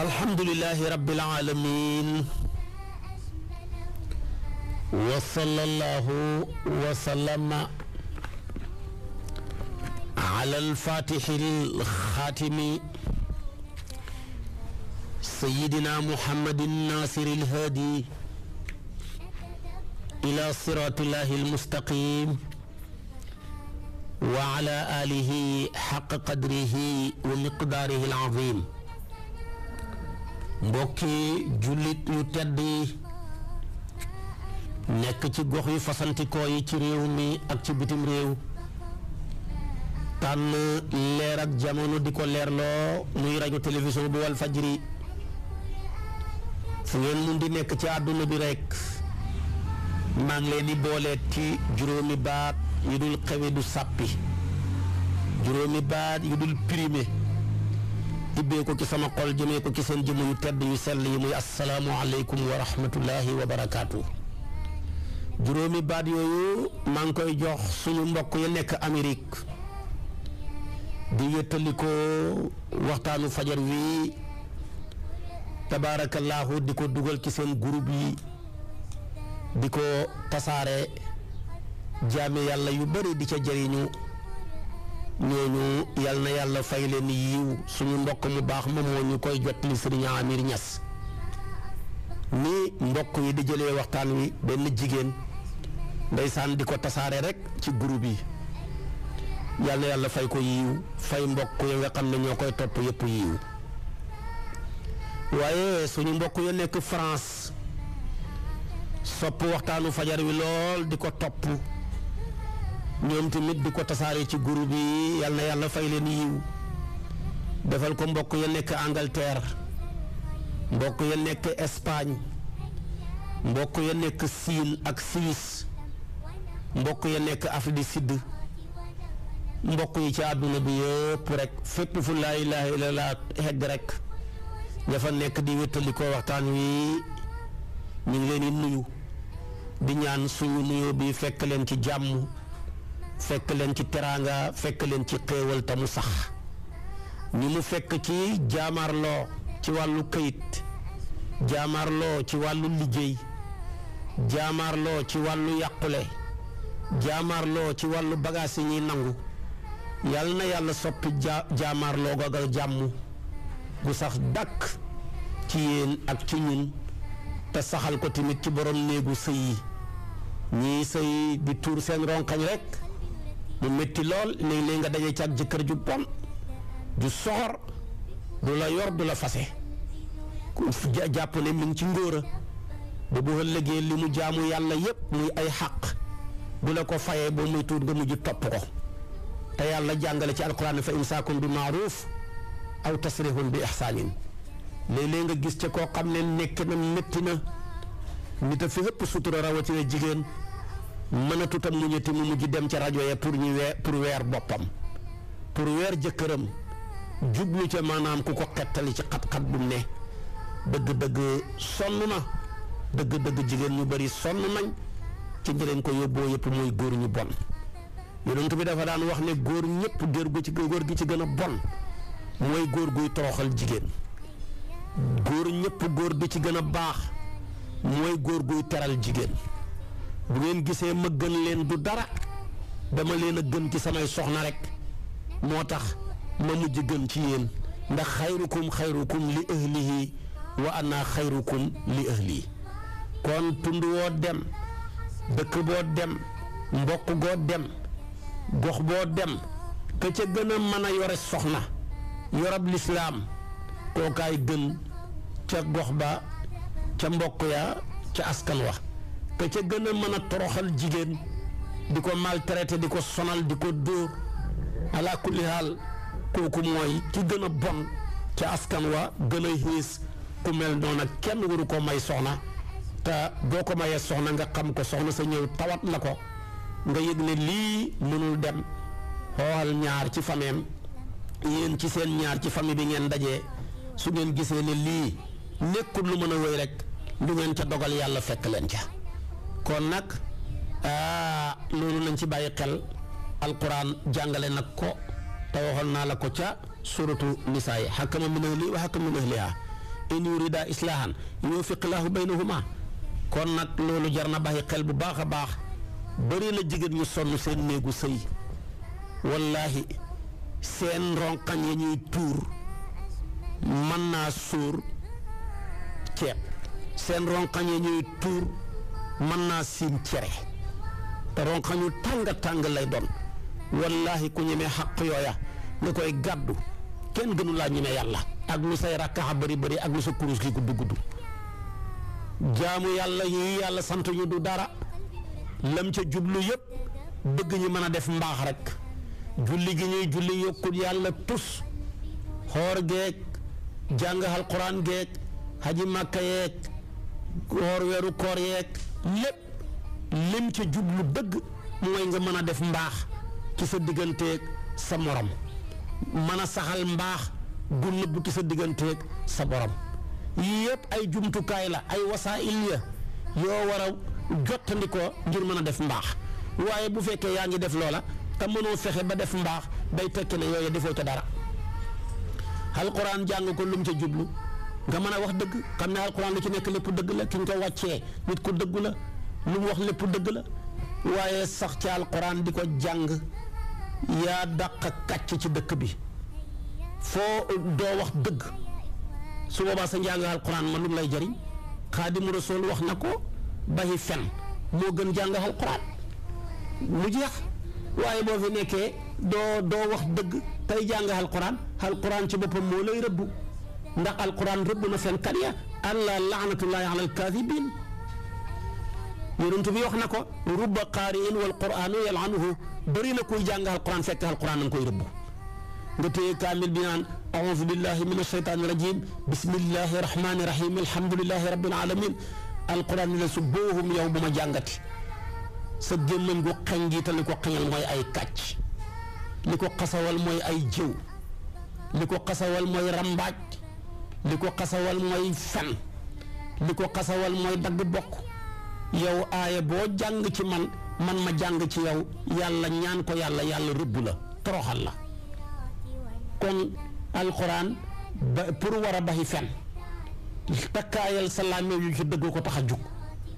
alhamdulilahi rabbil alamin wa sallallahu wa sallama ala alfatihil xaatimi sayidina muhammadin nasiril hadi ila siratillahi almustaqim wa ala alihi xaq qadrihi wa miqdaarihi alazim mbokki jullit yu tedd yi nekk ci gox yu fasantikoo yi ci réew mi ak ci bitim réew tànn leer ak jamono di ko leerloo muy rajo télévision bu wal fajri fu ngeen mun di nekk ci àdduna bi rekk maa ngi leen di booleet ci juróomi baat yu dul xewe du sàppi juróomi baat yu dul primé ubbee ko ci sama xol jëmee ko ci seen jëm yu tedd yu sell yi muy assalaamu aleykum wa rahmatullahi wa barakaatu juróomi baat yooyu maa ngi koy jox suñu mbokk ya nekk Amérique di wéttalikoo waxtaanu fajar wi tabaarakallaahu di ko dugal ci seen groupe yi di ko tasaare jaami yàlla yu bari di ca jëriñu ñooñu yal na yàlla fay leen yiw suñu mbokk mu baax ma moo ñu koy jot li sëriñ Amir Niass ni mbokk yi di jëlee waxtaan wi benn jigéen ndeysaan di ko tasaare rek ci groupe yi yal yàlla fay ko yiw fay mbokk yi nga xam ne ñoo koy topp yëpp yiw waaye suñu mbokk yi nekk France sopp waxtaanu fajar wi lool di ko topp ñoom tamit di ko tasaaree ci groupe yi yal na yàlla fay leen yiw defal ko mbokk ya nekk Angleterre mbokk ya nekk Espagne mbokk ya nekk ak Suisse mbokk ya nekk Afrique du Sud mbokk yi ci àdduna bi yëpp rek fépp fu laa ilaaha illallaah xegg rek dafa nekk di wéttali ko waxtaan wi ñu leen di nuyu di ñaan suñu nuyoo bi fekk leen ci jàmm fekk leen ci teraanga fekk leen ci xéewal te mu sax ñi mu fekk ci jaamaarloo ci wàllu kayit jaamaarloo ci wàllu liggéey jaamaarloo ci wàllu yàqule jaamaarloo ci wàllu bagaas yi ñuy nangu yàlla na yàlla soppi ja jaamaarloo googal jàmm gu sax dàkk ci yéen ak ci ñun te saxal ko timit ci borom néegu sëy yi ñii sëy di tuur seen ronkañ rekk mu métti lool léeg-léeg nga daje ca jëkkër ju bon ju soxor du la yor du la fase jàpp ne mi ci ngóora ba bu li mu jaamu yàlla yépp muy ay xaq bu la ko fayee boo muy tuut nga mujj topp ko te yàlla jàngale ci alquran fa imsaakum bi maaruuf aw tasrihun bi ihsaanin léeg nga gis ca koo xam ne nekk na métti na nit a fi ëpp sutura rawatina jigéen mënatut a muñati mu mujj dem ca rajo ya pour ñu weer pour weer boppam pour weer jëkkëram jublu ca maanaam ku ko xettali ci xat-xat bu ne dëgg-dëgg sonn na dëgg-dëgg jigéen ñu bari sonn nañ ci ñi ko yóbboo yëpp mooy góor ñu bon yonent bi dafa daan wax ne góor ñëpp góor gu ci góor gi ci gën a bon mooy góor guy toroxal jigéen góor ñépp góor bi ci gën a baax mooy góor guy teral jigéen bu ngeen gisee ma gën leen du dara dama leen a gën ci samay soxna rek moo tax ma mujj gën ci yéen ndax xayrukum xayrukum li ahlihi wa ana xayrukum li ahli kon tund woo dem dëkk boo dem mbokk goo dem gox boo dem ka ca gëna a mën a yore soxna yorab lislaam kookaay gën ca gox ba ca mbokk ya ca askan wa ka ca gën a mën a toroxal jigéen di ko maltraité di ko sonal di ko dóor ala kulli kooku mooy ci gën a bon ca askan wa gën a xiis ku mel noona kenn waru ko may soxna te boo ko mayee soxna nga xam ko soxna sa ñëw tawat la ko nga yëg ne lii mënul dem xoolal ñaar ci fameem yéen ci seen ñaar ci famille bi ngeen dajee su ngeen gisee ne lii nekkul lu mën a wéy rek lu ngeen ca dogal yàlla fekk leen ca kon nag ah, loolu nañ ci bàyyi xel alquran jàngale nag ko te waxoon naa la ko ca suratu nisaa yi xakama min ahli wa xakama min ahliha in yurida islahan yuwaffiq lahu baynahuma kon nag loolu jar na bàyyi xel bu baax a baax bari na jigéen ñu sonn seen néegu sëy wallahi seen ronqañ yi ñuy tuur mën naa suur ceeb seen ronqañ ya ñuy tuur mën naa siim cere te rongañ ñu tàng tàng lay doon wallaahi ku ñemee xaq yooya nga koy gàddu kenn gënu laa ñemee yàlla. ak lu say rakkaxa bëri bëri ak lu sa kurus gi gudd gudd jaamu yàlla yi yàlla sant ñu du dara lam ca jublu yëpp bëgg ñu mën a def mbaax rek julli gi ñuy julli yokkul yàlla tus xoor geeg jàng alquran geeg haji màkka yeeg woor weeru koor yeeg lépp lim ca jublu dëgg mooy nga mën a def mbaax ci sa digganteeg sa morom mën a saxal mbaax gu nëbb ci sa digganteeg sa borom yii yëpp ay jumtukaay la ay wasaa'il ya yoo war a jottandikoo ngir mën a def mbaax waaye bu fekkee yaa ngi def loola te mënoo fexe ba def mbaax day tekki ne yooyu defoo ca dara alquran jàng ko lum ca jublu nga mën a wax dëgg xam ne alxuraan lu ci nekk lépp dëgg la ki nga ko wàccee nit ko dëggu la lu mu wax lépp dëgg la waaye sax ci alxuraan di ko jàng yaa dàq kàcc ci dëkk bi foo doo wax dëgg su boobaa sa njàng alxuraan man lu lay jariñ xaadimu rasul wax na ko bayi fen moo gën jàng alxuraan mu jeex waaye boo fi nekkee doo doo wax dëgg tey jàng alxuraan alxuraan ci boppam moo lay rëbbu ndax alquran rëbb na fenkat ya allah laanatullahi ala alkaadibin yonent bi wax na ko rubba qaariin wal quranu yalanuhu bëri na kuy jàng alquran fekk alquran na nga koy rëbb nga téye kaamil bi naan aoudu billahi min alcheytaani rajim bismillahi rahmani rahim alhamdulilahi rabbil alamin alquran ni la su boohum yow bu ma jàngati sa gémmañ gu xañ gi te li ko xañal mooy ay kàcc li ko xasawal mooy ay jëw li ko xasawal mooy rambaaj li ko xasawal mooy fen li ko xasawal mooy dagg bokk yow aaya boo jàng ci man man ma jàng ci yow yàlla ñaan ko yàlla yàlla rëbb la toroxal la kon alxuraan ba pour war a baxi fen takkaayal sa làmmiñ yu ci dëgg ko tax a jug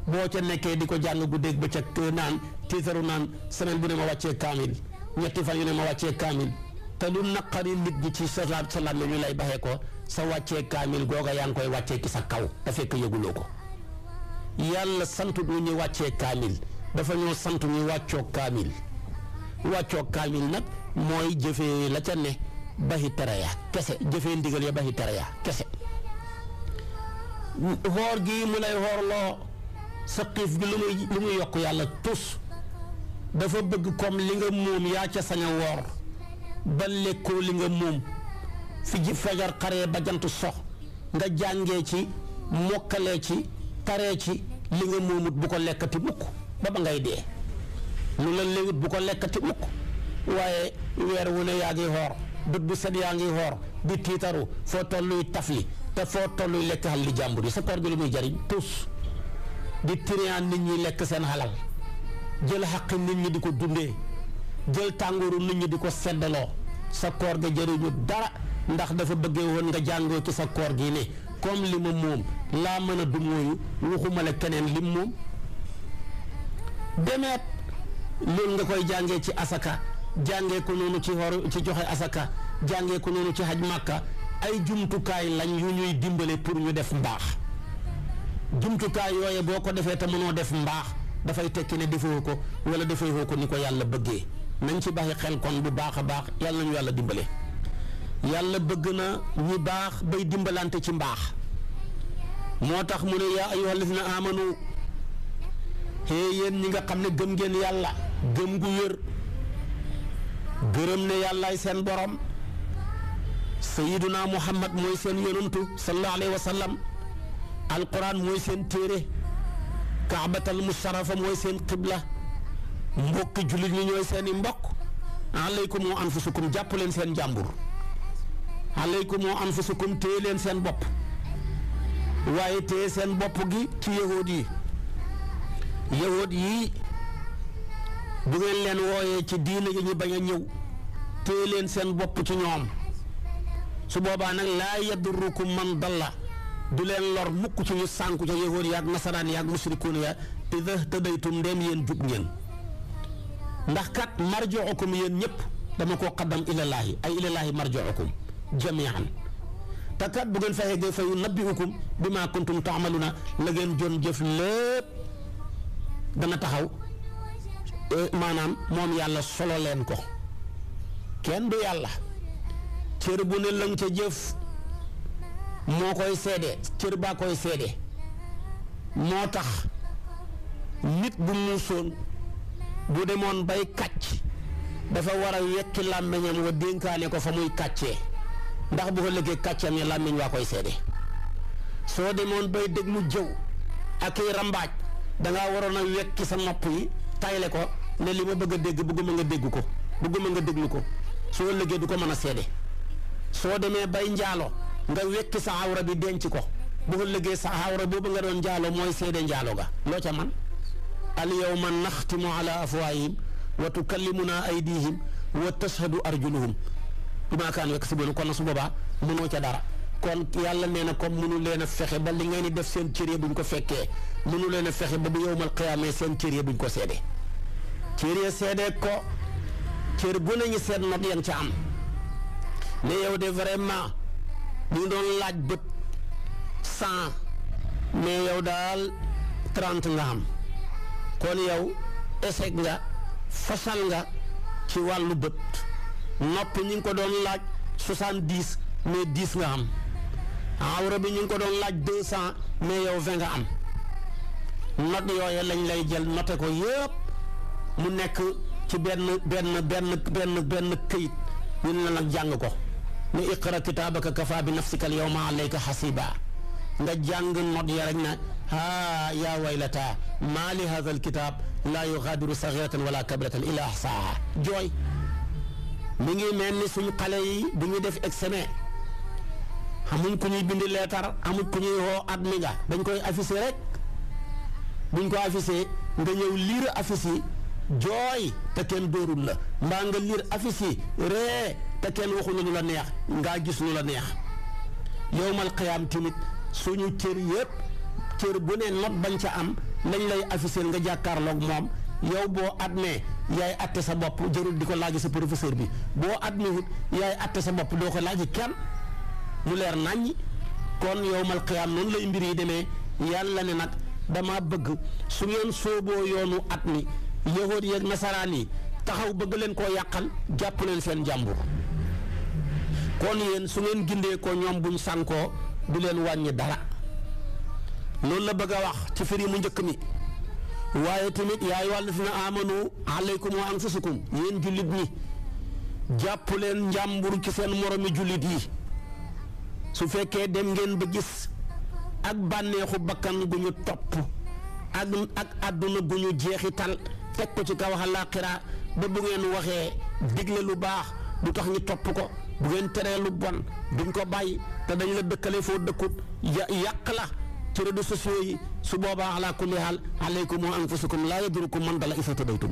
boo ca nekkee di ko jàng guddeeg ba ca naan tiitaru naan semaine bu ne ma wàccee kaamil ñetti fan yu ne ma wàccee kaamil te lu naqari nit ñi ci sa sa làmmiñ ñu lay baxee ko sa wàccee kaamil googa yaa ngi koy wàccee ci sa kaw te sant ñu wàccee kaamil dafa ñoo sant ñu wàccoo kaamil wàccoo kaamil nag mooy jëfee la ca ne baxi teraya kese jëfee ndigal ya baxi teraya kese xoor gi mu lay xoorloo sa xiif gi lu muy lu muy yokk yàlla tus dafa bëgg comme li nga moom yaa ca sañ woor ba lekkoo li nga moom fi ji fajar xaree ba jant sox nga jàngee ci mokkalee ci taree ci li nga moomut bu ko lekkati mukk ba ba ngay dee lu la léwut bu ko lekkati mukk waaye weer wu ne yaa ngi xoor bët bu set yaa ngi xoor bi tiitaru foo tolluy tafli te foo tolluy lekk xal li jàmbur yi sa koor gi lu muy jariñ tus di tiriyaan nit ñi lekk seen xalal jël xaqi nit ñi di ko dundee jël tàngooru nit ñi di ko seddaloo sa koor ga jëriñu dara ndax dafa bëggee woon nga jàngoo ci sa koor gi ne comme li ma moom laa mën a du mooyu waxuma keneen lim moom demeet loolu nga koy jàngee ci asaka jàngee ko noonu ci xor ci joxe asaka jàngee ko noonu ci xaj màkka ay jumtukaay lañ yu ñuy dimbale pour ñu def mbaax jumtukaay yooye boo ko defee te mënoo def mbaax dafay tekki ne defoo ko wala defoo ko ni ko yàlla bëggee nañ ci bàyyi xel kon bu baax a baax yàlla nañu yàlla dimbale yàlla bëgg na ñu baax bay dimbalante ci mbaax moo tax mu ne yaa ayyuha alladina amanu xee yéen ñi nga xam ne gëm ngeen yàlla gëm gu wér gërëm ne yàllaay seen borom sayiduna muhammad mooy seen yonantu sallallahu alayhi wa sallam alquran mooy seen téere kaabatal musarafa mooy seen qibla mbokki jullit ñi ñooy seen i mbokk alaykum wa anfusukum jàpp leen seen jàmbur alaykum moo anfusukum téye leen seen bopp waaye téye seen bopp gi ci yahood yi yahood yi bu ngeen leen wooyee ci diina yi ñu bañ a ñëw téye leen seen bopp ci ñoom su boobaa nag laa yadurrukum man la du leen lor mukk ci ñu sànku ca yahood yaag nasaraan yaag musrikuun ya ida tadaytum ndeem yéen jub ngeen ndax kat marjookum yéen ñëpp dama koo qaddam ilallaahi ay ilallaahi marjookum jamian te kat bu ngeen fa yeggee fa yunabbi'ukum bimaa kuntum na la gën doon jëf lépp dana taxaw eh, maanaam moom yàlla solo leen ko kenn du yàlla cër bu ne lëng ca jëf moo koy seede cër baa koy seede moo tax nit bu muusoon bu demoon bay kàcc dafa war a yekki làmmiñam wa dénkaane ko fa muy kàccee ndax bu ko lëggee yi ya làmmiñ waa koy seede soo demoon bay dégg mu jëw ak i rambaaj dangaa waroon a wekki sa nopp yi tayle ko ne li ma bëgg a dégg bëgguma nga dégg ko bëgguma nga déglu ko soo lëggee du ko mën a seede soo demee bay njaalo nga wekki sa awra bi denc ko bu ko sa awra boobu nga doon njaalo mooy seede njaalo ga loo ca man nax ti al yawma naxtimu ala afwaahihim wa tukallimuna aydihim wa tashhadu arjuluhum bi maa si yaksibuun kon na su boobaa mënoo ca dara kon yàlla nee na comme mënu leen a fexe ba li ngeen ni def seen cër bu ñu ko fekkee mënu leen a fexe ba bu yowmal qiyaamee seen cër ya buñ ko seede cër ya seede ko cër bu nañu seet not yan ca am ne yow de vraiment ñu doon laaj bët cent mais yow daal trente nga am kon yow échec nga fasal nga ci wàllu bët nopp ñi ngi ko doon laaj soixante-dix mais dix nga am awra bi ñu ngi ko doon laaj deux cent mais yow vingt nga am not yooyu lañ lay jël noté ko yëpp mu nekk ci benn benn benn benn benn këyit ñu na nag jàng ko ne iqra kitaabaka kafa bi nafsika al hasiba nga jàng not ya rek na haa yaa waylata maa li hadha al kitab laa yughadiru saghiratan wala kabiratan illa ahsaha mu ngi mel ni suñu xale yi bi ñuy def examen amuñ ku ñuy bind leetar amuñ ku ñuy woo admis nga dañ koy afficher rek buñ ko afficher nga ñëw lire affiche yi jooy te kenn dóorul la mbaa nga lire affiche yi ree te kenn waxuñu lu la neex ngaa gis lu la neex yowmal qiyaam tamit suñu cër yépp cër bu ne not bañ ca am lañ lay afficher nga jàkkaarloog moom yow boo admee yaay atte sa bopp jërul di ko laaj sa professeur bi boo admee yaay atte sa bopp doo ko laaj kenn mu leer naññ kon yowmal qiyaam noonu lay mbir yi demee yàlla ne nag dama bëgg su ngeen sooboo yoonu at mi yahood yeeg nasaraan yi taxaw bëgg leen koo yàqal jàpp leen seen jàmbur kon yéen su ngeen gindee ko ñoom buñ sànkoo du leen wàññi dara loolu la bëgg a wax ci firi mu njëkk mi waaye tamit yaa ayyuha allazina amanu alaykum wa anfusakum yéen jullit ñi jàpp leen njàmbur ci seen moromi jullit yi su fekkee dem ngeen ba gis ak bànneexu bakkan gu ñu topp ak ak àdduna gu ñu jeexital teg ko ci kaw àllaaxira ba bu ngeen waxee digle lu baax du tax ñu topp ko bu ngeen teree lu bon duñ ko bàyyi te dañ la dëkkale foo dëkkut yàq la ci réseaux sociaux yi su boobaa ala kulli haal alaykum wa anfusukum laa yadurukum man dala isa tadaytum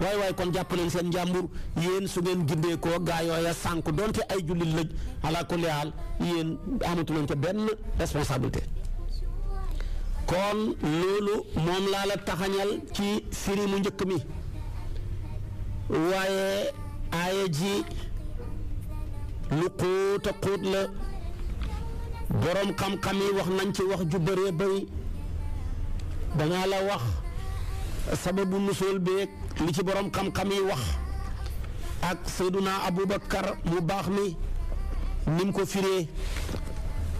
waaye waaye kon jàpp leen seen njàmbur yéen su ngeen gindee ko gaa a sànq donte ay jullit lañ ala kulli haal yéen amatu ca benn responsabilité. kon loolu moom laa la taxañal ci firi mu njëkk mi waaye aaya lu xóot a la boroom xam-xam yi wax nañ ci wax ju bëree bëri danaa la wax sababu nusool beeg li ci boroom xam-xam yi wax ak Seyduna Aboubacar mu baax mi ni mu ko firee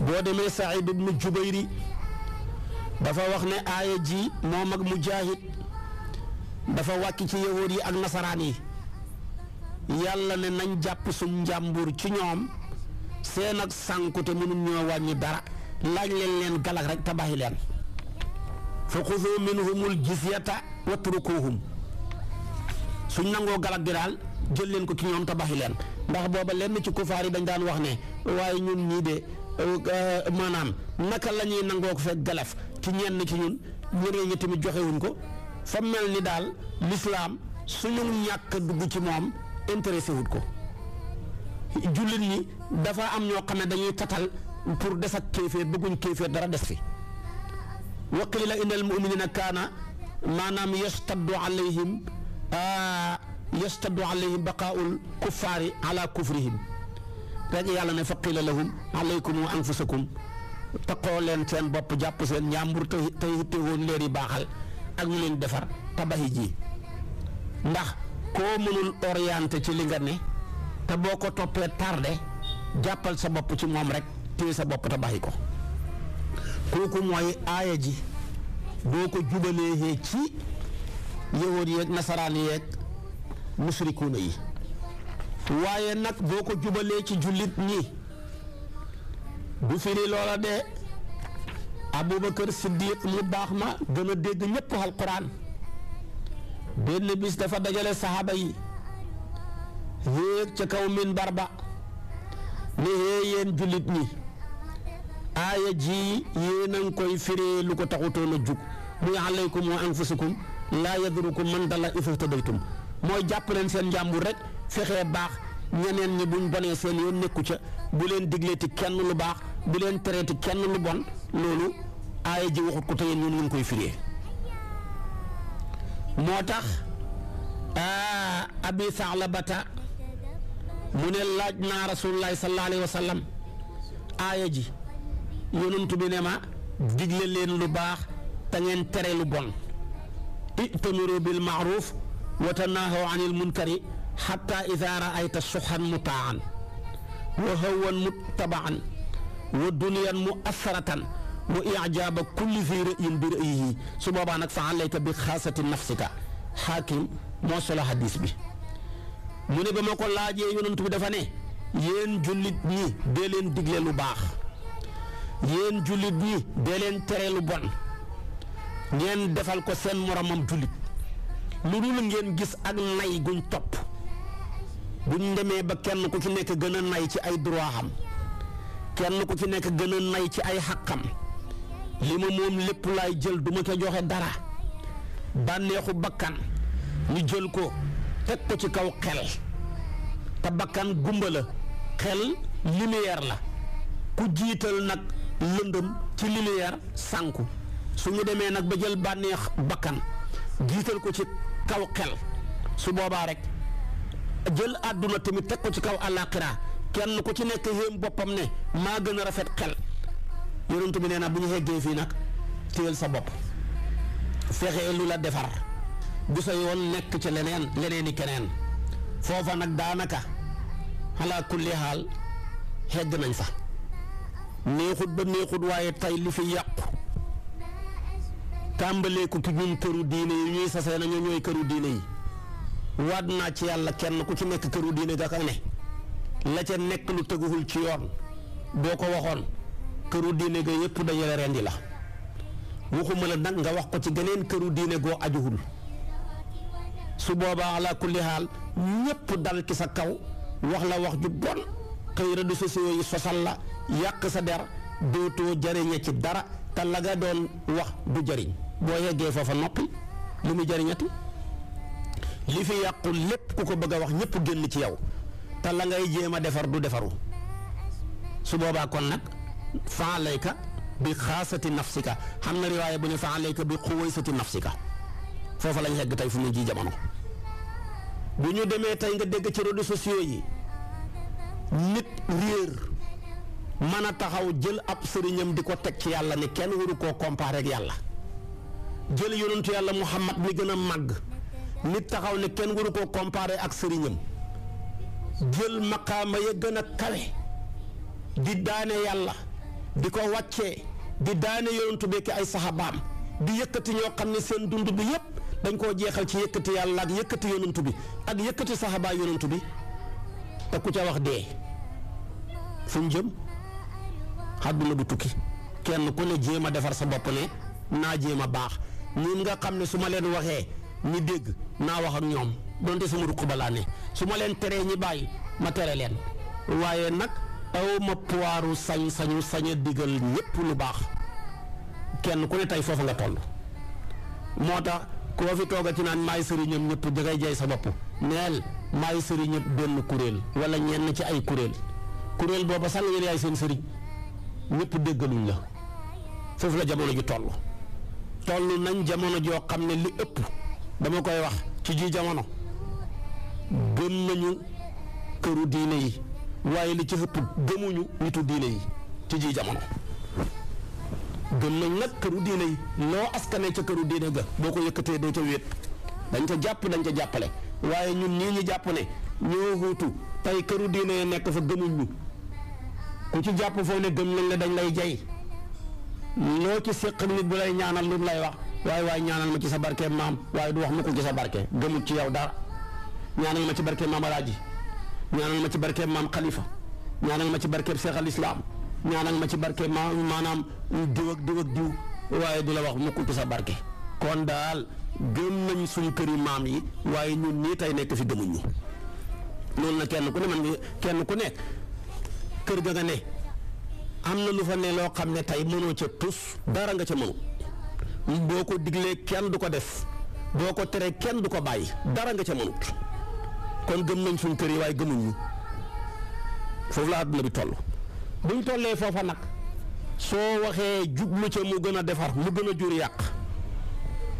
boo demee Saïd ibnu Jubayri dafa wax ne aaya ji moom ak Mujaahid dafa wàcc ci yahood yi ak nasaraan yi yàlla ne nañ jàpp sum njàmbur ci ñoom seen ak ko te mënum ñoo wàññi dara laaj leen leen galak rek te bàyyi leen fa xudu minhumul jizyata watrukuhum suñ nangoo galak gi daal jël leen ko ci ñoom te bàyyi leen ndax booba lenn ci kufaar yi dañ daan wax ne waaye ñun ñii de euh, maanaam naka la ñuy nangoo ko fekk galaf ci ñenn ci ñun ñeneen ñi tamit joxewuñ ko fa mel ni daal lislaam suñu ñàkk dugg ci moom intéressé wut ko jullit ñi dafa am ñoo xam ne dañuy tatal pour des ak kéeféer bëgguñ kéeféer dara des fi wa qiila inna al muminina kaana maanaam yastaddu alayhim yastaddu alayhim baqaaul kuffaari ala kufrihim rek yàlla ne fa qiila lahum alaykum wa anfusakum taqoo leen seen bopp jàpp seen njàmbur te te woon leer yi baaxal ak ñu leen defar tabaxi ji ndax koo mënul orienté ci li nga ne te boo ko toppee tardé jàppal sa bopp ci moom rek téye sa bopp te bàyyi ko kooku mooy aaya ji boo ko jubalee ci yahuud yeeg nasaraan yeeg musrikuuna yi waaye nag boo ko jubalee ci jullit ñi bu firi loola de Abubakar Siddiq mu baax ma gën a dégg ñëpp alquran benn bis dafa dajale saxaaba yi yéeg ca kaw minbar ba ne hee yéen jullit ñi aaya ji yéen koy firee lu ko taxutoo a jug muy alaykum wa anfusukum laa yadurukum man dalla iza htadaytum mooy jàpp seen njàmbur rek fexee baax ñeneen ñi buñ bonee seen yoon nekku ca bu leen digleeti kenn lu baax bu leen tereeti kenn lu bon loolu aaya ji waxut ko te ñun ngi koy firee moo tax abi bata mu ne laaj naa rasulullahi sallallahu alayhi wa sallam aaya ji yonent bi ne ma digle leen lu baax te ngeen tere lu bon itamiru bil maaruf wa tanaahaw anil munkari xatta ida raayta suxan mutaan wa hawan muttabaan wa duniyan muassaratan wa ijaaba kulli fi rëyin bi rëyihi su boobaa nag fa alayka bi xaasati nafsika xaakim moo solo hadis bi mu ne ba ma ko laajee yonent bi dafa ne yéen jullit ñi dee leen digle lu baax yéen jullit ñi dee leen tere lu bon ngeen defal ko seen moromam jullit lu dul ngeen gis ak nay guñ topp buñ demee ba kenn ku ci nekk gën a nay ci ay droit am kenn ku ci nekk gën a ci ay xàqam li ma moom lépp laay jël du ma ca joxe dara bànneexu bakkan ñu jël ko teg ko ci kaw xel te bakkan gumba la xel lumière la ku jiital nag lëndëm ci lumière sànku su ñu demee nag ba jël bànneex bakkan jiital ko ci kaw xel su boobaa rek jël àdduna tamit teg ko ci kaw àllaaxira kenn ku ci nekk yéem boppam ne maa gën a rafet xel yonent bi nee na bu ñu xeggee fii nag téyel sa bopp fexe lu la defar bu sa yoon nekk ci leneen leneeni keneen foofa nag daanaka xalaa kulli xaal xegg nañ fa neexut ba neexut waaye tey li fi yàqu tàmbaleeku ki ñun këru diine yi ñuy sasee na ñoo ñooy këru diine yi waat naa ci yàlla kenn ku ci nekk këru diine ga ka ne la ca nekk lu teguwul ci yoon boo ko waxoon këru diine ga yépp dañu la rendi la waxuma la nag nga wax ko ci geneen këru diine goo ajuwul su boobaa ala kulli xaal ñëpp dal ci sa kaw wax la wax ju bon xëy réseaux sociaux yi sosal la yàq sa der dootoo jëriñe ci dara te la nga doon wax du jëriñ boo yeggee foofa noppi lu mu jëriñati li fi yàqu lépp ku ko bëgg a wax ñëpp génn ci yow te la ngay jéem a defar du defaru su boobaa kon nag faalayka bi xaasati nafsika xam na riwaaya bu ne faalayka bi xuwaysati nafsika foofa lañ yegg tey fu mu ji jamono. bu ñu demee tey nga dégg ci réseaux sociaux yi nit réer mën a taxaw jël ab sëriñam di ko teg ci yàlla ni kenn waru koo comparé ak yàlla jël yonentu yàlla Muhammad mi gën a màgg nit taxaw ne kenn waru koo comparé ak sëriñam jël maqaama ya gën a kawe di daane yàlla di ko wàccee di daane yonentu bekki ay saxabaam di yëkkati ñoo xam ne seen dund bi yépp dañ koo jeexal ci yëkkati yàlla ak yëkkati yonantu bi ak yëkkati saxabaa yonantu bi te ku ca wax dee fu ñu jëm àdduna bu tukki kenn ku ne jéem a defar sa bopp ne naa jéem a baax ñun nga xam ne su ma leen waxee ñi dégg naa wax ak ñoom donte sama ruq ba laa ne su ma leen teree ñi bàyyi ma tere leen waaye nag aw puwaaru sañ-sañu sañe a digal ñépp lu baax kenn ku ne tey foofu nga toll moo tax koo fi tooga ci naan maay sëriñam ñëpp da ngay jay sa bopp neel maay sëriñam benn kuréel wala ñenn ci ay kuréel kuréel booba sax ngeen yaay seen sëriñ ñëpp déggaluñ la foofu la jamono ji toll toll nañ jamono joo xam ne li ëpp dama koy wax ci ji jamono gëm nañu këru diine yi waaye li ci ëpp gëmuñu nitu diine yi ci ji jamono gën nañ nag këru diine yi noo askanee ca këru diine ga boo ko yëkkatee doo ca wéet dañ ca jàpp dañ ca jàppale waaye ñun ñii ñu jàpp ne ñoo huutu tey këru diine yi nekk fa gëmuñ ñu ku ci jàpp foofu ne gëm nañ la dañ lay jay loo ci séq nit bu lay ñaanal lu mu lay wax waaye waaye ñaanal ma ci sa barke maam waaye du wax mu ko ci sa barke gëmul ci yow dara ñaanal ma ci barke maam alaaji ñaanal ma ci barke maam xalifa ñaanal ma ci barke seex al islaam ñaanal ma ci barke ma maanaam diw ak diw waaye du la wax mukk ci sa barke kon daal gëm nañ suñ kër këri maam yi waaye ñun ñii tey nekk fi gëmuñ ñu loolu na kenn ku ne man kenn ku nekk kër ga nga ne am na lu fa ne loo xam ne tey mënoo ca tus dara nga ca mënu boo ko diglee kenn du ko def boo ko teree kenn du ko bàyyi dara nga ca mënut kon gëm nañ suñ kër yi waaye gëmuñ ñu foofu la àdduna bi toll buñ tollee foofa nag soo waxee jublu ca mu gën a defar mu gën a jur yàq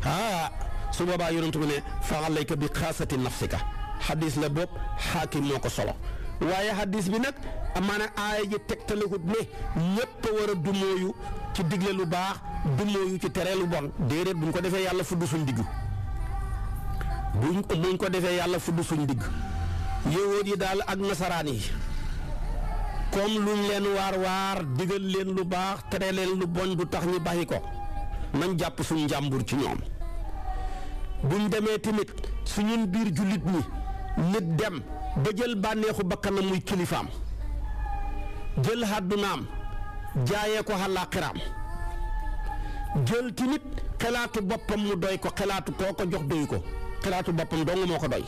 ah su boobaa yonent bi ne fa alayka bi xaasati nafsika xadis la bopp xaakim moo ko solo waaye xadis bi nag amaana aaya ji tegtalekut ne ñëpp a war a dumóoyu ci digle lu baax dumóoyu ci tere lu bon déedéet buñ ko defee yàlla fudd suñ digg buñ ko defee yàlla fudd suñ digg yowóot yi daal ak nasaraan yi comme luñ leen waar waar digal leen lu baax tere leen lu bon du tax ñu bàyyi ko nañ jàpp suñ njàmbur ci ñoom buñ demee tamit suñun biir jullit ñi nit dem ba jël bànneexu bakkanam muy kilifaam jël àddunaam jaaye ko àllaaxiraam jël timit xelaatu boppam mu doy ko xelaatu koo ko jox doy ko xelaatu boppam dong moo ko doy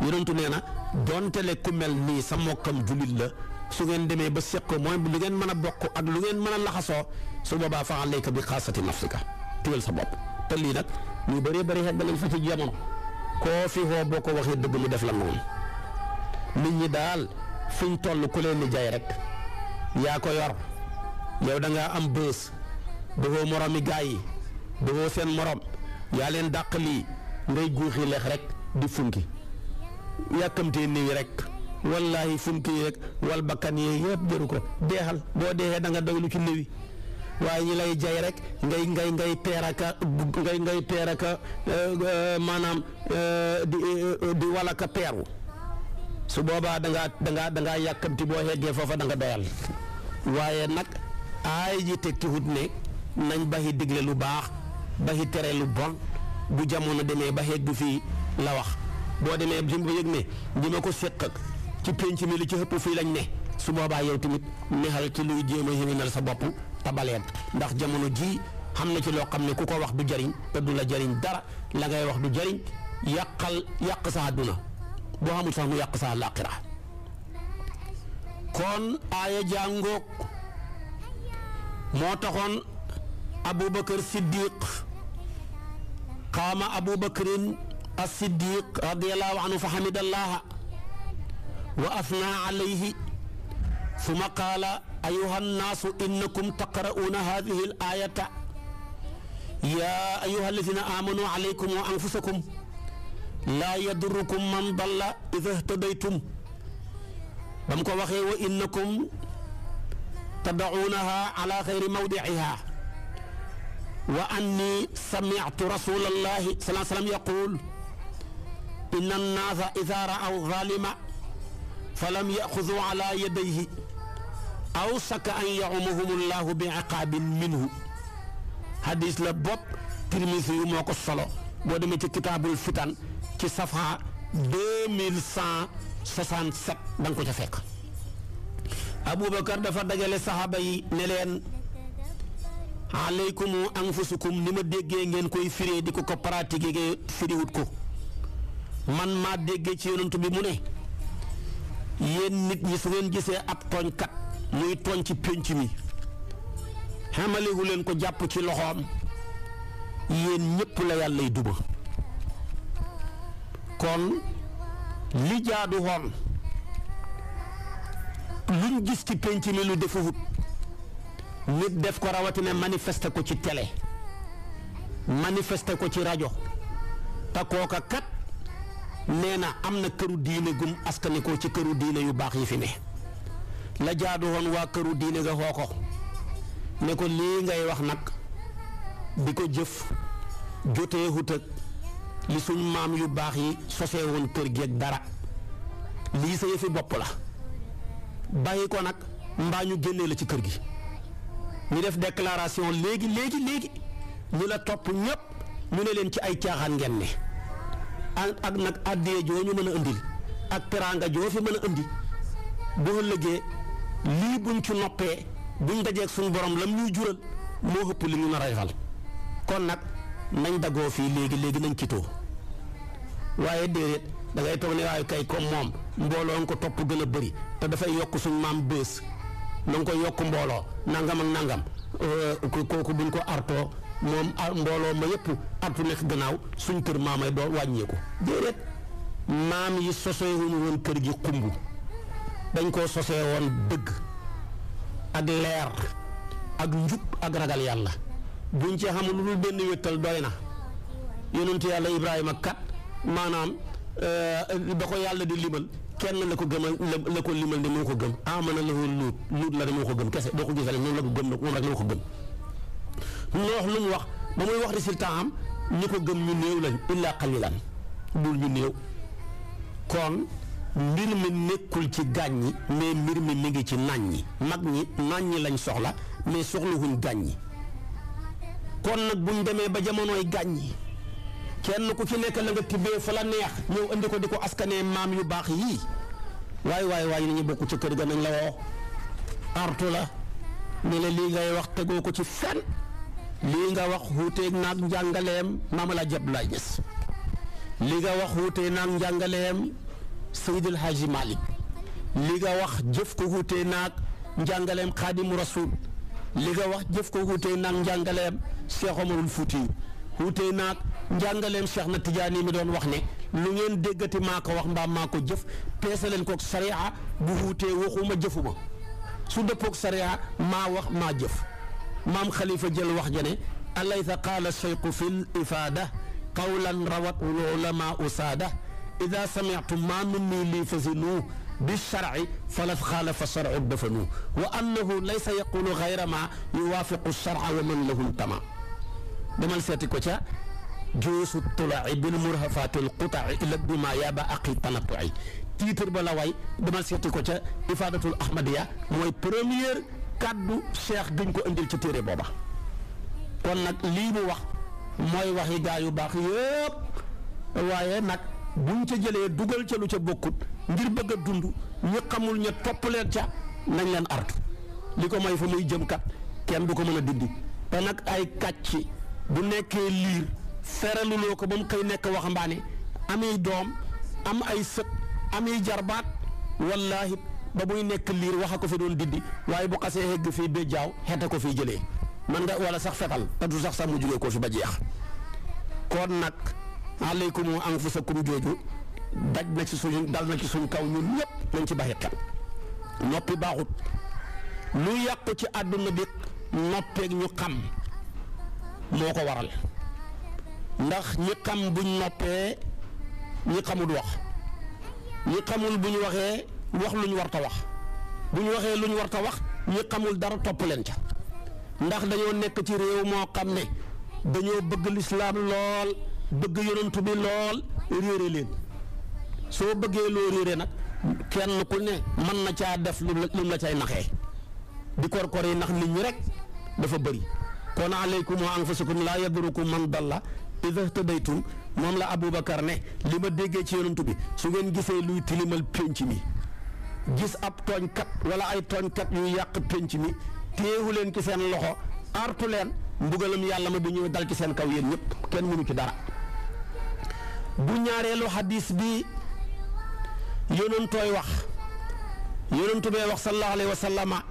yonentu nee na donte le ku mel nii sa mokkam jullit la su ngeen demee ba seq ko mooy lu ngeen mën a bokk ak lu ngeen mën a laxasoo su boobaa fa alayka bi xaasati nafsika tugal sa bopp te lii nag muy bëree bëri xegg nañ fa ci jamono koo fii woo boo ko waxee dëgg mu def la noonu nit ñi daal fiñ toll ku leen di jaay rek yaa ko yor yow da ngaa am bës dafoo moromi gaa yi dafoo seen moroom yaa leen dàq lii ngay guuxi leex rek di funki yàkkamtee niwi rek wallaahi funki rek wal bakkan yee yëpp jëru ko beexal boo deexee danga nga doylu ci niwi waaye ñi lay jay rek ngay ngay ngay peeraka ngay ngay peeraka euh, euh, maanaam euh, di di walaka su boobaa da dangaa da ngaa yàkkamti boo xeggee foofa danga nga doyal waaye nag aay ji teg ci hut ne nañ baxi digle lu baax baxi tere lu bon bu jamono demee ba bu fi la wax boo demee jëm ba yëg ne ñi ma ko séq ci pénc mi li ci ëpp fii lañ ne su boobaa yow tamit nexal ci luy jéem a yëwénal sa bopp tabaleen ndax jamono ji xam na ci loo xam ne ku ko wax du jariñ te du la jariñ dara la ngay wax du jariñ yàqal yàq sa àdduna boo xamul sax mu yàq sa làqira kon aaya jàngoog moo taxoon abubakar siddiq qaama abubakarin as-siddiq radiyallahu anhu fa hamidallaha wa afna alayhi summa qaala ayuha annaasu innakum taqra'uuna haadihi al-aayata yaa ayuha alladiina aamanuu alaykum wa anfusakum laa yadurrukum man dalla idaa ihtadaytum ba mu ko waxee wa innakum tadauunaha ala xayri mawdiciha wa anni samictu rasulallahi salaa sallam yaquul inna annaasa idaa ra'aw zaalima fa lam yaxudu ala yadayhi aw saka an ya'umahum allahu bi iqaabin minhu hadis la bopp Tirmisi moo ko solo boo demee ci kitaabul fitan ci safa 2167 da nga ko ca fekk Aboubacar dafa dajale saxaaba yi ne leen aleykum anfusukum ni ma déggee ngeen koy firee di ko ko pratiquer firiwut ko man maa déggee ci yonent bi mu ne yéen nit ñi su ngeen gisee ab tooñkat muy tooñ ci pénc mi xamalewu leen ko jàpp ci loxoom yéen ñëpp la yàllay duma kon li jaadu xoon luñ gis ci pénc mi lu defuwut nit def ko rawatina manifester ko ci télé manifester ko ci rajo te kat nee na am na këru diine gum askanikoo ci këru diine yu baax yi fi ne la jaadu woon waa këru diine ga xoo ko ne ko lii ngay wax nag di ko jëf jotee hut ak li suñ maam yu baax yi sosee woon kër geeg dara lii sa yëfi bopp la bàyyi ko nag mbaa ñu génnee la ci kër gi ñu def declaration léegi léegi léegi ñu la topp ñépp ñu ne leen ci ay caaxaan ngeen ne ak nag àddee joo ñu mën a indil ak teraanga joo fi mën a indi boo lëggee lii buñ ci noppee buñ dajeeg suñu borom lam ñuy jural moo ëpp li ñu nar a defal kon nag nañ dagoo fii léegi léegi nañ kitoo waaye déedéet dangay ngay toog ne waaye kay comme moom mbooloo nga ko topp gën a bëri te dafay yokk suñ maam bés na nga koy yokk mbooloo nangam ak nangam euh, kooku buñ ko artoo moom mbooloo ma yëpp at artu nekk gannaaw suñ kër maamay doo wàññeeku déedéet maam yi sosee wuñu woon kër gi xumb dañ koo sosee woon dëgg ak leer ak njub ak ragal yàlla buñ ci xamul lu dul benn wéttal doy na yonentu yàlla Ibrahima kat maanaam ba euh, ko yàlla di limal kenn la ko gëmal la ko limal ne moo ko gëm amana lahu luut luut la ne moo ko gëm kese boo ko gisee rek moom la ko gëm nag rek la ko gëm noox lu mu wax ba muy wax résultat am ñi ko gën ñu néew lañ illaa qalilan dul ñu néew kon mbir mi nekkul ci gàññi mais mbir mi mi ngi ci nàññi mag ñi nàññi lañ soxla mais soxlawuñ gàññi kon nag buñ demee ba jamonoy jamonooy gàññi kenn ko ci nekk la nga tibbee fa la neex ñëw indi ko di ko askanee maam yu baax yii waaye waaye waay nañu bokk ci kër ga nañ la woo artu la ne la lii ngay wax tegoo ko ci fenn li nga wax wuuteeg naag njàngaleem maam El jab Abdoulaye Niass li nga wax wuutee naag njàngaleem Seydil Hadji Malick li nga wax jëf ko wuutee naag njàngaleem Xaadimu Rasuul li nga wax jëf ko wuutee naag njàngaleem Cheikh Omarul Fouti wuutee naag njàngaleem Cheikh na Tidiane mi doon wax ne lu ngeen déggati maa ko wax mbaam maa ko jëf peese leen koog sariya bu wuutee waxuma jëfuma su dëppoog sariya maa wax maa jëf. maam xalifa jël wax ja ne alaysa qaala cheyqu fi l ifaada qawlan rawat ulama usaada ida samictum ma minni li fasinu bilsharci falad xaalafa charcu dafanu wa annahu laysa yaqulu gayra ma yuwaafiqu charca wa man lahum tama demal seeti ko ca joosu tulaci bil murhafaati alqutaci ila dima yaaba aqi tanatuci tiitar ba la waay demal seeti ko ca ifaadatul ahmadiya mooy première kàddu cheikh gëñ ko indil ci téere booba kon nag lii mu wax mooy waxi gaa yu baax yëpp waaye nag buñ ca jëlee dugal ca lu ca bokkut ngir bëgg a dund ñi xamul ña topp ca nañ leen artu li ko may fa muy jëm kat kenn du ko mën a dindi te nag ay kàcci bu nekkee liir feraluloo ko ba mu xëy nekk waxambaane ami doom am ay sët ami jarbaat wallaahi ba muy nekk liir wax a ko fi doon dindi waaye bu xasee hegg fii ba jaaw xet ko fiy jëlee man nga wala sax fetal te du sax sax mu jugee ko fi ba jeex kon nag aleykum anfusakum jooju daj na ci suñu dal na ci suñ kaw ñun ñëpp nañ ci bàyyi xel noppi baaxut lu yàq ci àdduna bi noppeeg ñu xam moo ko waral ndax ñi xam buñ noppee ñi xamul wax ñi xamul buñ waxee wax lu ñu war wax bu ñu waxee lu ñu war ta wax ñi xamul dara topp leen ca ndax dañoo nekk ci réew moo xam ne dañoo bëgg lislaam lool bëgg yonantu bi lool réere leen soo bëggee loo réere nag kenn ku ne mën na caa def lu mu la cay naxee di kor yi nax nit ñi rek dafa bëri kon aleykum wa anfusakum laa yadurukum man dalla ida htadaytum moom la Aboubacar ne li ma déggee ci yonantu bi su ngeen gisee luy tilimal pénc mi gis ab tooñkat wala ay tooñkat yuy yàq pénc mi téewu leen ci seen loxo artu leen mbugalam yàlla ma du ñëw dal ci seen kaw yéen ñëpp kenn mënu ci dara bu ñaareelu xadis bi yonentooy wax yonentu bee wax sallallahu alayhi wa sallama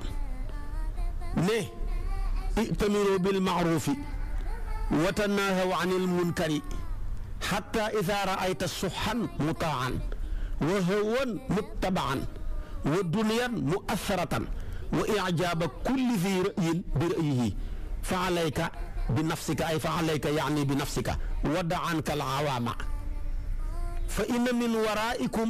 ne itamiru bil maarufi wa tanaahaw anil munkari xatta ida raayta suxan mutaan wa hawan muttabaan wa duniyaan mu asaratan wa ijaaba kulli fi ra'yin bi ra'yihi fa alayka bi nafsika ay fa alayka yaani bi nafsika wada anka al awaama fa inna min waraikum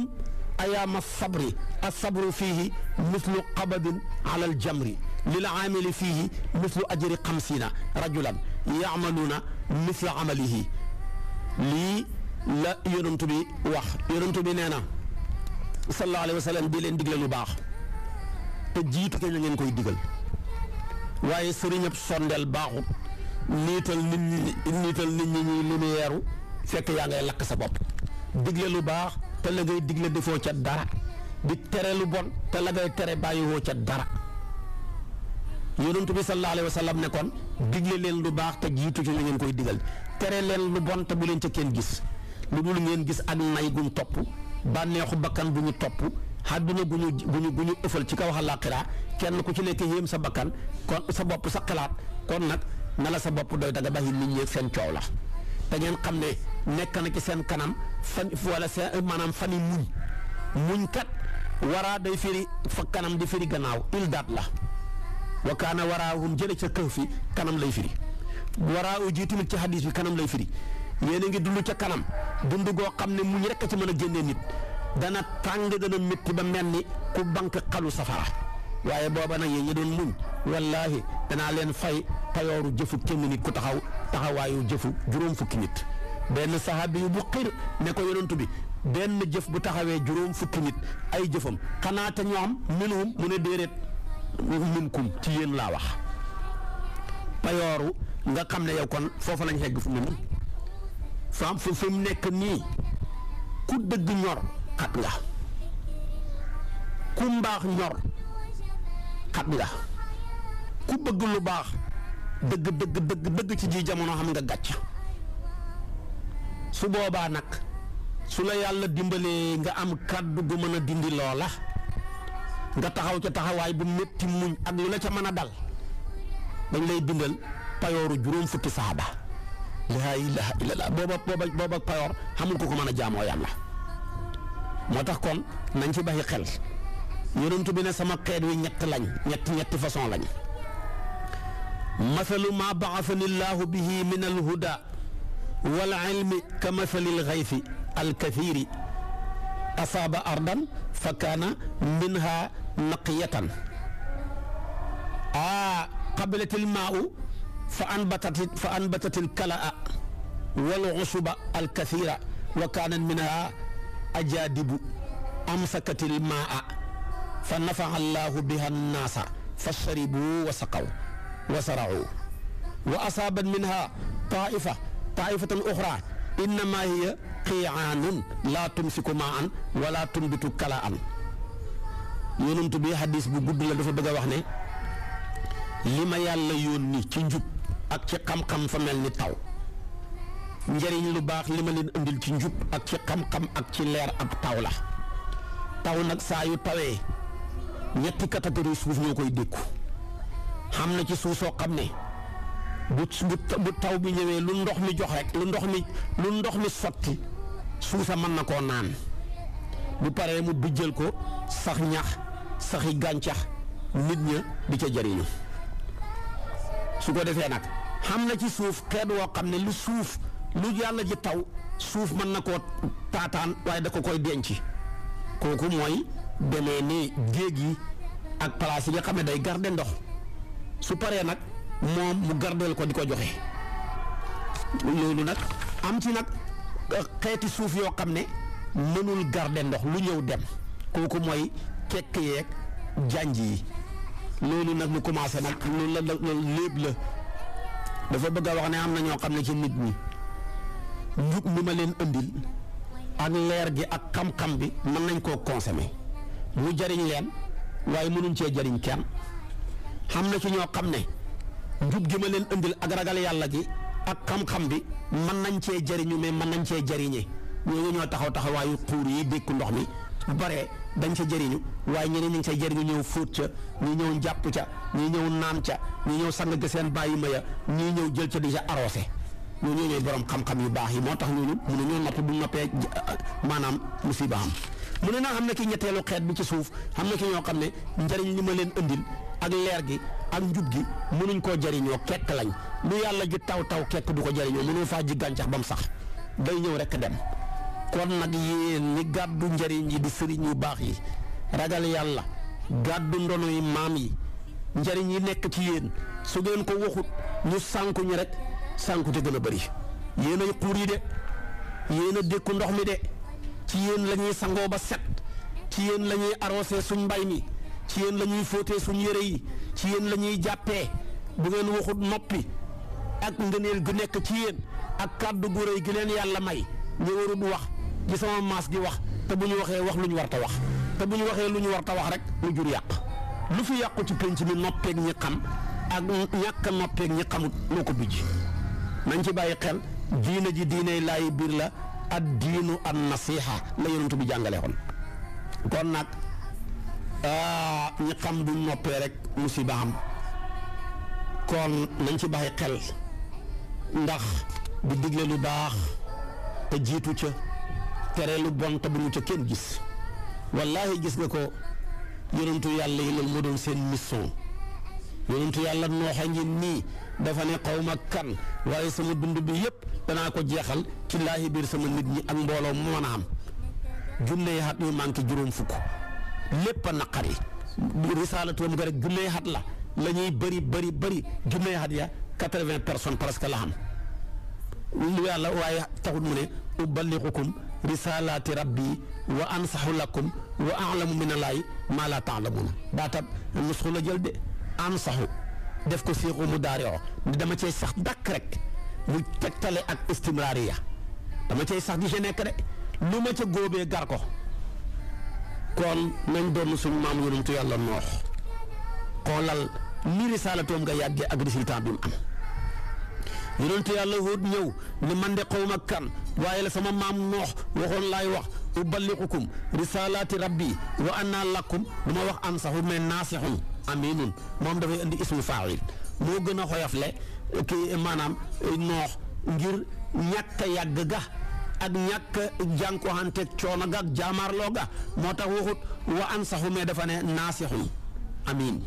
ayaama sabri alsabru fiihi mislu qabadin ala aljamri lilaamili fiihi mislu ajri xamsiina rajulan yaamaluuna misla amalihi lii la yonent bi wax yonent bi nee na sallallahu alayhi wa di leen digle lu baax te jiitu ke na ngeen koy digal waaye sëriñëb sondeel baaxut niital nit ñi niital nit fekk yaa ngay lakk sa bopp digle lu baax te la digle defoo ca dara di tere bon te la tere bàyyiwoo ca dara yonent bi sallallahu alayhi wa sallam ne kon digle leen lu baax te jiitu la ngeen koy digal tere leen lu bon te bu leen ca kenn gis lu dul ngeen gis ak nay guñ topp bànneexu bakkan bu ñu topp àdduna gu ñu gu ñu gu ñu ëffal ci kaw àllaaxira kenn ku ci nekk yéem sa bakkan kon sa bopp sa xalaat kon nag na la sa bopp doy da ba bàyyi nit ñi seen coow la da ngeen xam ne nekk na ci seen kanam fan wala seen maanaam fan yi muñ muñ kat waraa day firi fa kanam di firi gannaaw ildaat la wa kaana waraahum jële ca kaw fi kanam lay firi waraahu ji tamit ci hadis bi kanam lay firi yéen a ngi dund ca kanam dund goo xam ne muñ rek a ci mën a génnee nit dana tàng dana métti ba mel ni ku banque xalu safara waaye booba nag yéen ñi doon muñ wallaahi danaa leen fay payooru jëfu kenn nit ku taxaw taxawaayu jëfu juróom fukki nit benn saxaabi yu bu xir ne ko yonantu bi benn jëf bu taxawee juróom fukki nit ay jëfam xanaa te ñoom minhum mu ne déedéet minkum ci yéen laa wax payooru nga xam ne yow kon foofu lañ xegg fu mu ne fam fi mu nekk nii ku dëgg ñor xat nga ku mbaax ñor xat nga ku bëgg lu baax dëgg dëgg dëgg dëgg ci ji jamono xam nga gàcc su boobaa nag su la yàlla dimbalee nga am kàdd gu mën a dindi loola nga taxaw ca taxawaay bu métti muñ ak lu la ca mën a dal dañ lay bindal payooru juróom fukki saaba laa ilaaha illallaah booba booba booba payoor xamul ko ko mën a jaamoo yàlla moo tax kon nañ ci bàyyi xel yonent bi ne sama xeet wi ñett lañ ñett ñetti façon lañ mathalu maa baasani llaahu bihi min alhuda wal ilmi ka mathali lxayfi alkathiri asaaba ardan fa kaana minha naqiyatan aa qabilat ilmaau fa anbatat fa anbatat alkalaa wal usuba alkathira wa kaanat minha ajaadibu amsakat almaa fa nafaca allahu biha annaasa fa sharibu wa saqaw wa saracuu wa asaabat minha taifa taifatan uxra innama hiya qiicaanun laa tumsiku maan wala tumbitu kalaan yonent bi hadis bu gudd la dafa bëgg a wax ne li ma yàlla yónni ci njub ak ci xam-xam fa mel ni taw njëriñ lu baax li ma leen indil ci njub ak ci xam-xam ak ci leer ab taw la taw nag saa yu tawee ñetti catégorie suuf ñoo koy dékku xam na ci suuf soo xam ne bu bu taw bi ñëwee lu ndox mi jox rek lu ndox mi lu ndox mi sotti suusa mën na koo naan bu paree mu bijjal ko sax ñax saxi gàncax nit ña di ca jëriñu su ko defee nag xam na ci suuf xeet woo xam ne lu suuf lu yàlla ji taw suuf mën na koo taataan waaye da ko koy denc kooku mooy demee ni géej yi ak place yi nga xam ne day garde ndox su paree nag moom mu gardeel ko di ko joxe loolu nag am ci nag euh, xeeti suuf yoo xam ne mënul garder ndox lu ñëw dem kooku mooy kekk yeeg jànj yi loolu nag mu commencé nag loolu la loolu lépp la dafa bëgg a wax ne am na ñoo xam ne ci nit ñi njub mi ma leen indil ak leer gi ak xam-xam bi mën nañ koo consommer mu jariñ leen waaye mënuñ cee jariñ kenn xam na ci ñoo xam ne njub gi ma leen indil ak ragal yàlla gi ak xam-xam bi mën nañ cee jariñu mais mën nañ cee jariñe ñooñu ñoo taxaw taxawaayu xuur yi dékku ndox mi bu paree dañ sa jëriñu waaye ñeneen ñi ngi say jëriñu ñëw fóot ca ñi ñëw jàpp ca ñi ñëw naan ca ñi ñëw sang ga seen bàyyi ma ya ñi ñëw jël ca déjà arrosé ñooñu ñooy borom xam-xam yu baax yi moo tax ñooñu mu ne ñoo nopp bu noppee euh, maanaam musiba am mu ne naa xam ne ki ñetteelu xeet bi ci suuf xam ne ki ñoo xam ne njëriñ li ma leen indil ak leer gi ak njub gi mënuñ koo jariñoo kekk lañ lu yàlla ji taw taw kekk du ko jëriñoo mënoo faa ji gàncax ba mu sax dañ ñëw rek dem kon nag yéen ñi gàddu njëriñ yi di sëriñ yu baax yi ragal yàlla gàddu ndono yi maam yi njëriñ yi nekk ci yéen su ngeen ko waxut ñu sànku ñu rek sànku te gën bari bëri yéen ay xuur yi de yéen a dékku ndox mi de ci yéen la ñuy sangoo ba set ci yéen la ñuy arrosé suñ mbay mi ci yéen la ñuy fóotee suñ yére yi ci yéen lañuy ñuy jàppee bu ngeen waxut noppi ak ngëneel gu nekk ci yéen ak kàddu gu rëy gi leen yàlla may ñu warut wax li sama maas gi wax te bu ñu waxee wax lu ñu war ta wax te bu ñu waxee lu ñu war ta wax rek lu jur yàq lu fi yàqu ci pénc mi noppeeg ñi xam ak ñàkk a noppeeg ñi xamut moo ko bijj nañ ci bàyyi xel diina ji diinay laay biir la ad diinu an nasiha la yonent bi jàngale woon kon nag ñi xam duñ noppee rek musiba am kon nañ ci bàyyi xel ndax di digle lu baax te jiitu ca tere lu bon te bu ñu ca kenn gis wallaahi gis nga ko yonentu yàlla yi loolu moo doon seen mission yonentu yàlla nooxa ngi nii dafa ne xaw ma kan waaye sama dund bi yëpp danaa ko jeexal ci laahi biir sama nit ñi ak mbooloo moo na a am junney xat yu manqué juróom fukk lépp a naqari risaalatam ga rek junney xat la la ñuy bëri bëri bëri junney xat ya quatre-vingts personnes presque la am lu yàlla waaye taxul mu ne uballiqukum risalaati rabbi wa ansaxu lakum wa alamu min allaay maa laa taalamuun baatab nusxu la jël de ansaxu def ko siiqu mu daario dama cay sax dakk rek mu tegtale ak istimraariya dama cay sax di ci nekk de lu ma ca góobee gar ko kon nañ doon suñu maam yonentu yàlla noox xoolal ni risalatoom nga yàggee ak résultat bi mu am yonentu yàlla Huud ñëw ni man de xawma kan waaye la sama maam noox waxoon laay wax uballigukum risalaati rabbi wa anna lakum du ma wax ansaxu mais naasixun aminun moom dafay indi ismu faa'il moo gën a xoyofle kii maanaam noox ngir ñàkk a yàgg ga ak ñàkk jànkuwanteeg coono ga ak jaamaarloo ga moo tax waxut wa ansaxu mais dafa ne naasixun amin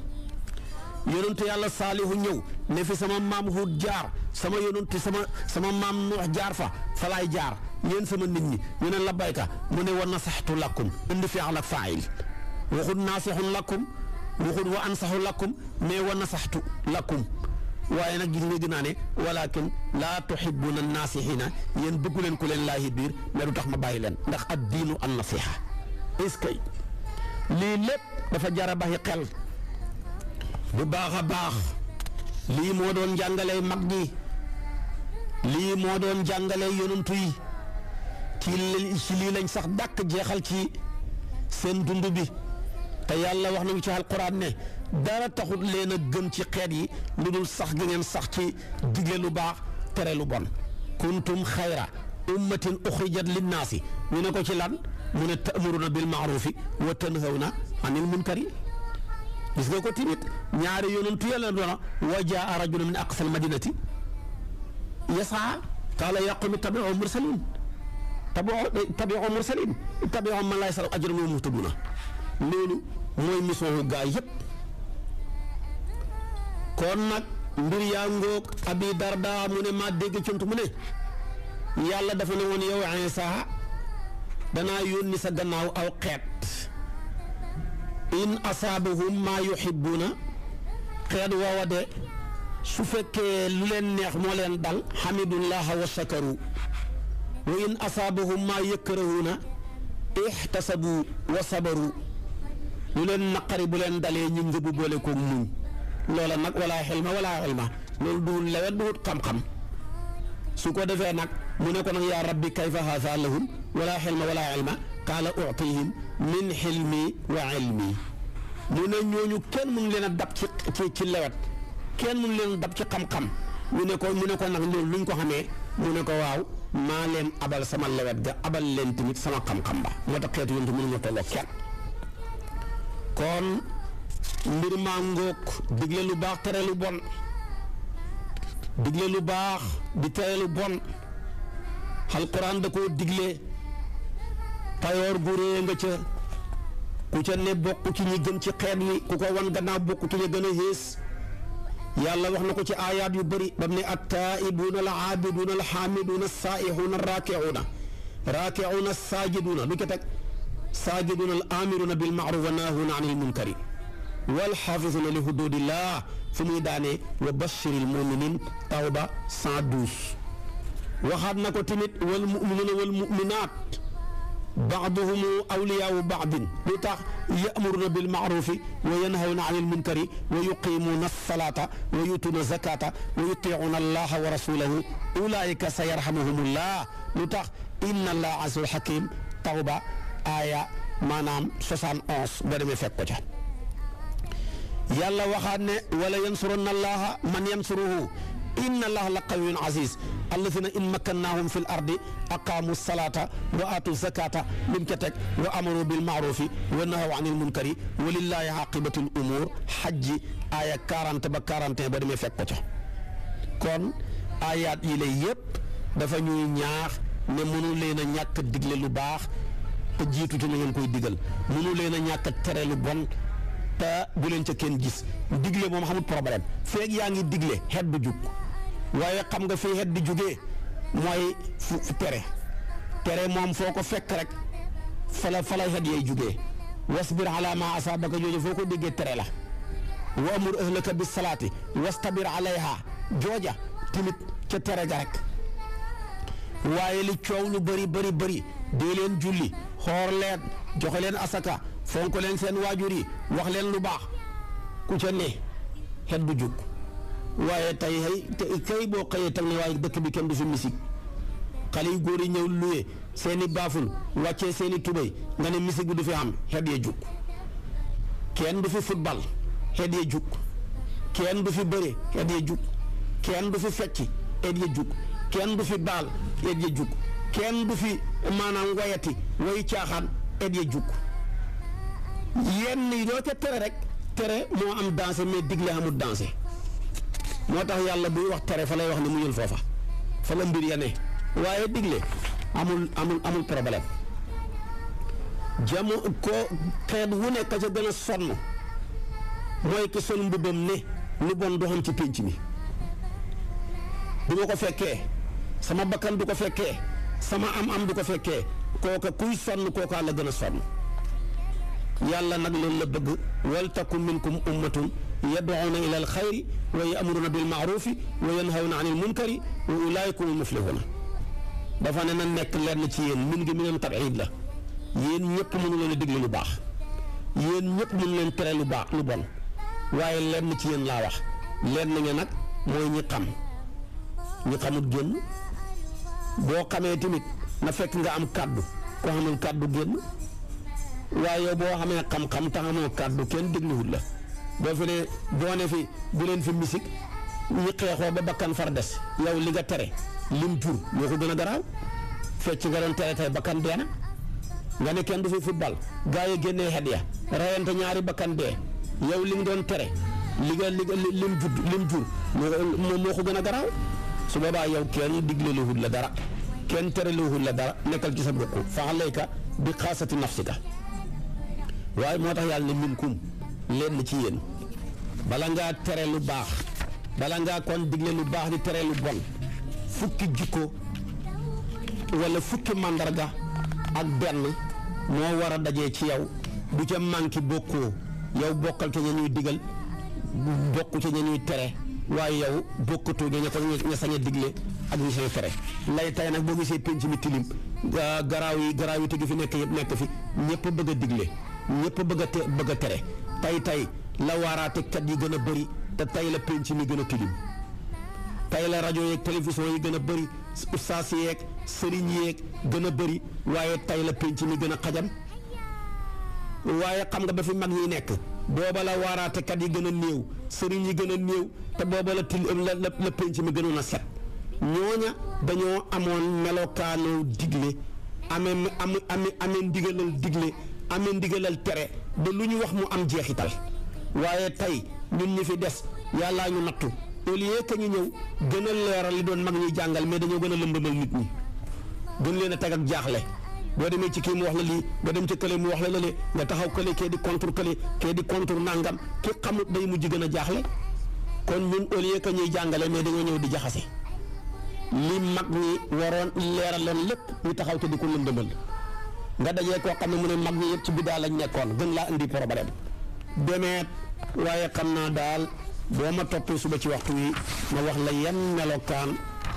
yonentu yàlla saalihu ñëw ne fi sama maam Huud jaar sama yonentu sama sama maam Nuux jaar fa salaay jaar yéen sama nit ñi ñu ne labbayka mu ne wa nasaxtu lakkum indi fi'l ak faa'il waxut naasixun lakkum waxut wa ansaxu lakkum mais wa nasaxtu lakkum waaye nag gis nga gën naa ne walakin laa tuhibbuna naasixiina yéen bëggu leen ku leen laahi biir mais tax ma bàyyi leen ndax ad diinu an nasiha est-ce que lii lépp dafa jar a bàyyi xel. bu baax a baax lii moo doon jàngale mag ñi lii moo doon jàngale yonantu yi ci lii lañ sax dàkk jeexal ci seen dund bi te yàlla wax nañu ci alquran ne dara taxut leen a gën ci xeet yi lu dul sax gi sax ci digle lu baax tere lu bon kuntum xayra ummatin uxrijat linnaasi ñu ne ko ci lan mu ne ta'muruna bil maarufi wa tanhawna anil munkari gis nga ko timit ñaari yonentu yàlla doona wa jaa rajulun min aqsal madinati yasaa qaala yaa nag mbir yaa ngoog abi darda mu ne maa dafa ne woon yow Iisaa danaa yónni sa gannaaw aw xeet in asaabahum maa yuhibbuuna xeet woowa de su fekkee lu leen neex moo leen dal xamidullaha wa shakaru wa in asaabahum maa yakrahuuna ixtasabu wa sabaru lu leen naqari bu leen dalee ñu bu boole koog muñ loola nag walaa xilma walaa xilma loolu duwul lewet duwut xam su ko defee nag mu ne ko nag yaa rabbi kayfa haasa lahum walaa xilma walaa xilma qaala utihim min xilmi wa ilmi mu ne ñooñu kenn mënu leen a dab ci ci ci lewet kenn mënu leen a dab ci xam-xam mu ne ko mu ne nag loolu luñ ko xamee mu ne ko waaw maa leen abal sama lewet ga abal leen tamit sama xam-xam ba moo tax xeetu yontu mënuñu tolloo kenn kon mbir maa ngóog digle lu baax tere lu bon digle lu baax bi tere lu bon alquran da koo digle payoor gu rëy ca ku ca ne bokk ci ñi gën ci xeet wi ku ko wan gannaaw bokk ci ñi gën a yées yàlla wax na ko ci aayaat yu bëri bam ne attaa'ibuuna al aabiduuna al xaamiduuna saaihuuna raakiuuna raakiuuna saajiduuna lu ca teg saajiduuna al aamiruuna bil maaruf wa naahuuna anil munkari wal xaafizuuna li huduudillah fu muy daane wa bashiril muminin tawba 112 waxaat na ko tamit wal muminuuna baaduhum awliyaau baadin lu tax yamuruna bil maarufi wa yanhawna anil munkari wa yuqimuuna salaata wa yutuuna zakata wa yutiicuuna allaha wa rasulahu ulaika sa yarhamuhumullah lu tax inna allaha azizul hakim tawba aaya maanaam 71 boo demee fekk ko ca yàlla waxaat ne wala yansuranna allaha man yansuruhu inna allaha la qawiyyun aziz allazina in makkannahum fi l ardi aqaamu salata wa aatu zakata lim ca teg wa amaru bil maarufi wa nahaw an il munkari wa lillahi aqibatul umur xajji aaya 40 ba 41 ba demee fekk ko ca kon ayaat yi lay yëpp dafa ñuy ñaax ne mënu leen a ñàkk digle lu baax te jiitu ci na ngeen koy digal mënu leen a ñàkk tere lu bon te bu leen ca kenn gis digle moom xamul problème feeg yaa ngi digle xet du jug waaye xam nga fii xet di jógee mooy fu tere tere moom foo ko fekk rek fala fala xet yay wasbir ala ma asaabaka jooju foo ko déggee tere la wa amur ahlaka bis salaati wastabir alayha jooja tamit ca tere ga rek waaye li coow lu bëri bëri bëri dee leen julli xoor leen joxe leen asaka fonk leen seen waajur yi wax leen lu baax ku ca ne xet du jóg waaye tay ay kay boo xëyee tam ne waaye dëkk bi kenn du fi misik xale yu góor yi ñëw luwe seeni baaful wàccee seeni tubéy nga ne misik bi du fi am xet ya jug kenn du fi football xet kenn du fi bëre xet kenn du fi fecc xet ya kenn du fi baal xet ya kenn du fi maanaam wayati wayu caaxaan xet ya jug yenn yi doo ca tere rek tere moo am danse mais digle amul danse moo tax yàlla buy wax tere fa lay wax ne muñul foofa fa la mbir ya ne waaye digle amul amul amul problème jamu ko xeet wu nekk ca gën a sonn mooy ki sol mbubbam ne lu bon du xam ci pénc mi du ma ko fekkee sama bakkan du ko fekkee sama am-am du ko fekkee kooka kuy sonn kooka la gën a sonn yàlla nag loolu la bëgg wal takum minkum ummatun yad'uuna ila alxayri wa ya'muruuna bil ma'ruufi wa yanhawna anil munkari wa ulaa'ika humul muflihuuna dafa ne na nekk lenn ci yéen min ngi mi leen tabciid la yéen ñëpp mënu leen a digle lu baax yéen ñëpp mënu leen tere lu baax lu bon waaye lenn ci yéen laa wax lenn ngeen nag mooy ñi xam ñi xamut génn boo xamee tamit na fekk nga am kàddu ko xamul kàddu génn waaye boo xamee xam-xam te xamoo kàddu kenn dégluwul la boo fi ne doone fi bu leen fi misik ñu xeexoo ba bakkan far des yow li nga tere lim pour moo ko gën a garaaw fecc nga doon tere tey bakkan dee na nga ne kenn du fi football gars yi génnee xet ya rayante ñaari bakkan dee yow li nga doon tere li nga li nga lim jur moo ko gën a garaaw su boobaa yow kenn digle lu wut la dara kenn tere lu wut la dara nekkal ci sa mbokk fa alayka bi xaasati nafsika waaye moo tax yàlla ne minkum lenn ci yéen bala ngaa tere lu baax bala ngaa kon digle lu baax di tere lu bon fukki jikko wala fukki màndarga ak benn moo war a dajee ci yow bu ca manqué bokkoo yow bokkal ca ña ñuy digal bokku ca ña ñuy tere waaye yow bokkatu ña ko ña sañ a digle ak ñi sañ a tere lay tay nag boo gisee penc mi tilim garaaw yi garaaw yi te gi fi nekk nekk fi ñëpp bëgg a digle ñëpp bëgg a te bëgg a tere tey tey la waaraatekat yi gën a bëri te tey la penc mi gën a tilim tey la rajo yeeg télévision yi gën a bëri ustaas yeeg sëriñ yeeg gën a bëri waaye tey la penc mi gën a xajam waaye xam nga ba fi mag ñi nekk booba la waaraatekat yi gën a sëriñ yi gën a néew te booba la til la la penc mi gënoon a set ñooña dañoo amoon melokaanoo digle amee amee amee ndigalal digle amee ndigalal tere. ba lu ñu wax mu am jeexital waaye tey ñun ñi fi des yàllaa ñu nattu au lieu que ñu ñëw gën a leeral li doon mag ñuy jàngal mais dañoo gën a lëmbëmal nit ñi gën leen a teg ak jaaxle boo demee ci kii mu wax la lii nga dem ci kële mu wax la lale nga taxaw kële kee di contre kële kee di contre nàngam ki xamut day mujj gën a jaaxle kon mun au ñuy jàngale mais dañoo ñëw di jaxase li mag ñi waroon leeraloon lépp ñu taxaw te di ko lëndëmal nga dajee koo xam ne mu ne mag ñi yëpp ci biddaa lañ nekkoon gën laa indi problème demeet waaye xam naa daal boo ma toppee suba ci waxtu wi ma wax la yan melokaan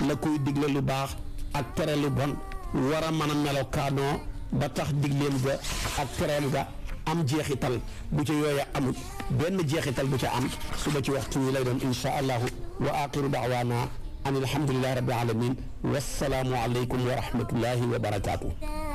la koy digle lu baax ak tere lu bon war a mën a melokaanoo ba tax digleem ga ak tereem ga am jeexital bu ci yooya amul benn jeexital bu ci am suba ci waxtu wi lay doon insha allahu wa axiru daawaana an alhamdulilahi rabbil alamin wassalaamu aleykum wa rahmatullahi wa barakaatu